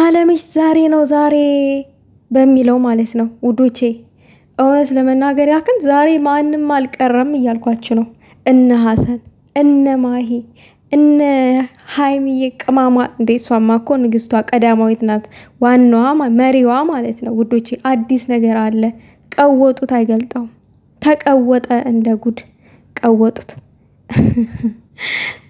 አለምሽ ዛሬ ነው ዛሬ በሚለው ማለት ነው ውዶቼ፣ እውነት ለመናገር ያክል ዛሬ ማንም አልቀረም እያልኳችሁ ነው። እነ ሀሰን እነ ማሂ እነ ሀይሚዬ ቅማማ እንዴ! እሷማ እኮ ንግስቷ ቀዳማዊት ናት፣ ዋናዋ መሪዋ ማለት ነው ውዶቼ። አዲስ ነገር አለ። ቀወጡት፣ አይገልጠውም። ተቀወጠ እንደ ጉድ ቀወጡት።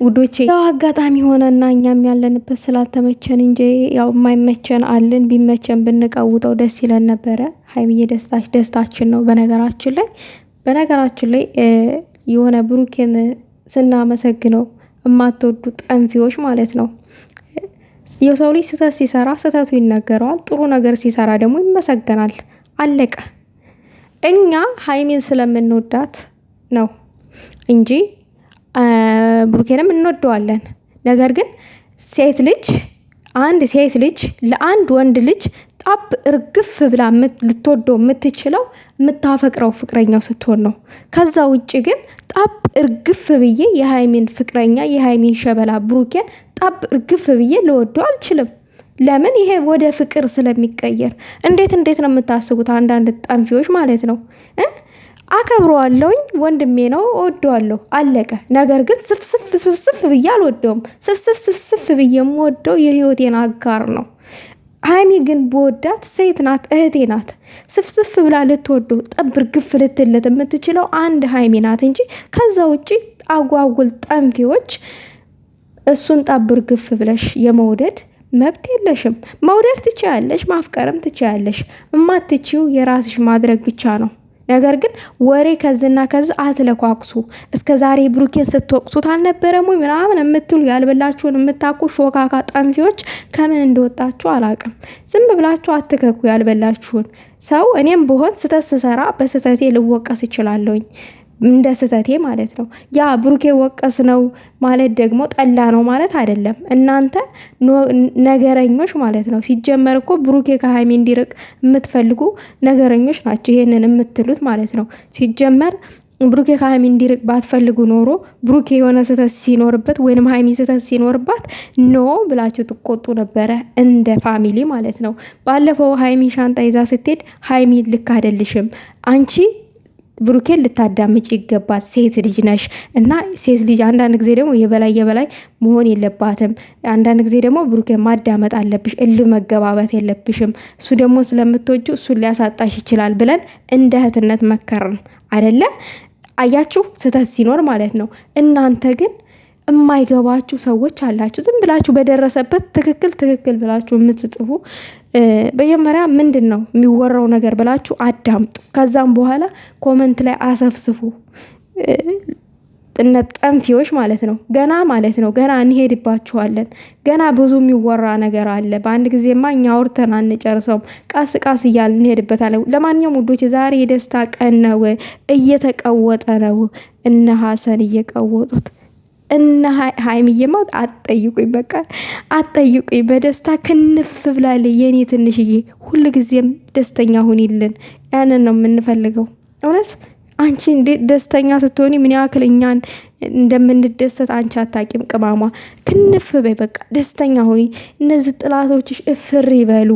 ውዶቼ ያው አጋጣሚ ሆነና እኛም ያለንበት ስላልተመቸን እንጂ ያው የማይመቸን አለን። ቢመቸን ብንቀውጠው ደስ ይለን ነበረ። ሀይሚዬ ደስታችን ነው። በነገራችን ላይ በነገራችን ላይ የሆነ ብሩኬን ስናመሰግነው የማትወዱ ጠንፊዎች ማለት ነው። የሰው ልጅ ስህተት ሲሰራ ስህተቱ ይነገረዋል። ጥሩ ነገር ሲሰራ ደግሞ ይመሰገናል። አለቀ። እኛ ሀይሚን ስለምንወዳት ነው እንጂ ብሩኬንም እንወደዋለን። ነገር ግን ሴት ልጅ አንድ ሴት ልጅ ለአንድ ወንድ ልጅ ጣብ እርግፍ ብላ ልትወደው የምትችለው የምታፈቅረው ፍቅረኛው ስትሆን ነው። ከዛ ውጭ ግን ጣብ እርግፍ ብዬ የሃይሚን ፍቅረኛ የሃይሚን ሸበላ ብሩኬን ጣብ እርግፍ ብዬ ልወደው አልችልም። ለምን? ይሄ ወደ ፍቅር ስለሚቀየር። እንዴት እንዴት ነው የምታስቡት? አንዳንድ ጠንፊዎች ማለት ነው። አከብረዋለሁኝ። ወንድሜ ነው፣ እወደዋለሁ። አለቀ። ነገር ግን ስፍስፍ ስፍስፍ ብዬ አልወደውም። ስፍስፍ ስፍስፍ ብዬ የምወደው የህይወቴን አጋር ነው። ሀይሚ ግን በወዳት ሴት ናት፣ እህቴ ናት። ስፍስፍ ብላ ልትወዶ ጠብር ግፍ ልትለት የምትችለው አንድ ሀይሚ ናት እንጂ ከዛ ውጭ አጓጉል ጠንፊዎች እሱን ጠብር ግፍ ብለሽ የመውደድ መብት የለሽም። መውደድ ትችያለሽ፣ ማፍቀርም ትችያለሽ። እማትችው የራስሽ ማድረግ ብቻ ነው። ነገር ግን ወሬ ከዝና ከዝ አትለኳኩሱ። እስከ ዛሬ ብሩኬን ስትወቅሱት አልነበረም ወይ ምናምን የምትሉ ያልበላችሁን የምታኩ ሾካካ ጠንፊዎች ከምን እንደወጣችሁ አላቅም። ዝም ብላችሁ አትከኩ ያልበላችሁን ሰው። እኔም ብሆን ስተት ስሰራ በስተቴ ልወቀስ ይችላለሁኝ። እንደ ስህተቴ ማለት ነው። ያ ብሩኬ ወቀስ ነው ማለት ደግሞ ጠላ ነው ማለት አይደለም። እናንተ ነገረኞች ማለት ነው። ሲጀመር እኮ ብሩኬ ከሀይሚ እንዲርቅ የምትፈልጉ ነገረኞች ናቸው፣ ይሄንን የምትሉት ማለት ነው። ሲጀመር ብሩኬ ከሀይሚ እንዲርቅ ባትፈልጉ ኖሮ ብሩኬ የሆነ ስህተት ሲኖርበት ወይንም ሀይሚ ስህተት ሲኖርባት ኖ ብላችሁ ትቆጡ ነበረ፣ እንደ ፋሚሊ ማለት ነው። ባለፈው ሀይሚ ሻንጣ ይዛ ስትሄድ ሀይሚ ልክ አይደልሽም አንቺ ብሩኬን ልታዳምጭ ይገባል። ሴት ልጅ ነሽ እና ሴት ልጅ አንዳንድ ጊዜ ደግሞ የበላይ የበላይ መሆን የለባትም። አንዳንድ ጊዜ ደግሞ ብሩኬን ማዳመጥ አለብሽ። እል መገባበት የለብሽም። እሱ ደግሞ ስለምትወጁ እሱን ሊያሳጣሽ ይችላል ብለን እንደ እህትነት መከርን አደለ? አያችሁ፣ ስህተት ሲኖር ማለት ነው። እናንተ ግን የማይገባችሁ ሰዎች አላችሁ። ዝም ብላችሁ በደረሰበት ትክክል ትክክል ብላችሁ የምትጽፉ መጀመሪያ ምንድን ነው የሚወራው ነገር ብላችሁ አዳምጡ። ከዛም በኋላ ኮመንት ላይ አሰፍስፉ። ጥነት ጠንፊዎች ማለት ነው። ገና ማለት ነው ገና እንሄድባችኋለን። ገና ብዙ የሚወራ ነገር አለ። በአንድ ጊዜማ እኛ አውርተን አንጨርሰውም። ቀስ ቀስ እያል እንሄድበታለን። ለማንኛውም ውዶች ዛሬ የደስታ ቀን ነው። እየተቀወጠ ነው። እነ ሀሰን እየቀወጡት እና ሀይሚዬማ አትጠይቁኝ፣ በቃ አትጠይቁኝ። በደስታ ክንፍ ብላል የኔ ትንሽዬ፣ ጊዜም ደስተኛ ሁኒልን። ያንን ነው የምንፈልገው። እውነት አንቺ እንዴት ደስተኛ ስትሆኒ ምን ያክል እኛን እንደምንደሰት አንቺ አታቂም። ቅማሟ ክንፍ በይ፣ በቃ ደስተኛ ሁኒ። እነዚህ ጥላቶችሽ እፍር ይበሉ።